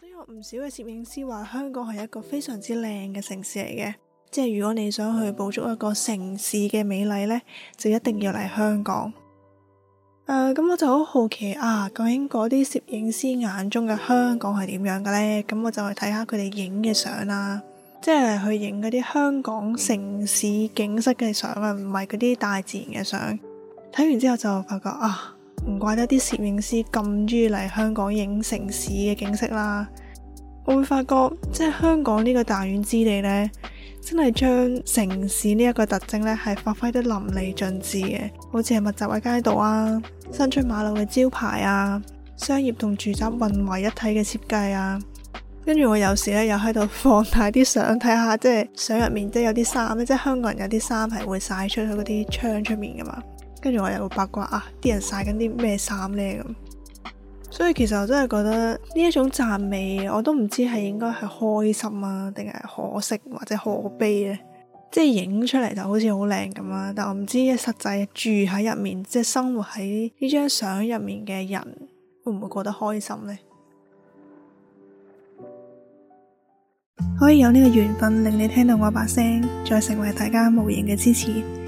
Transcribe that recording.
都有唔少嘅攝影師話香港係一個非常之靚嘅城市嚟嘅，即係如果你想去捕捉一個城市嘅美麗呢，就一定要嚟香港。誒、呃，咁我就好好奇啊，究竟嗰啲攝影師眼中嘅香港係點樣嘅呢？咁我就去睇下佢哋影嘅相啦，即係去影嗰啲香港城市景色嘅相啊，唔係嗰啲大自然嘅相。睇完之後就發覺啊～唔怪得啲攝影師咁中意嚟香港影城市嘅景色啦！我會發覺即係香港呢個彈丸之地呢，真係將城市呢一個特徵呢，係發揮得淋漓盡致嘅，好似係密集嘅街道啊、伸出馬路嘅招牌啊、商業同住宅混為一體嘅設計啊。跟住我有時呢，又喺度放大啲相睇下，即係相入面即係有啲衫咧，即係香港人有啲衫係會晒出去嗰啲窗出面㗎嘛。跟住我又會八卦啊，啲人晒緊啲咩衫呢？咁，所以其實我真係覺得呢一種讚美，我都唔知係應該係開心啊，定係可惜或者可悲呢？即係影出嚟就好似好靚咁啊。但我唔知實際住喺入面，即係生活喺呢張相入面嘅人，會唔會覺得開心呢？ 可以有呢個緣分令你聽到我把聲，再成為大家無形嘅支持，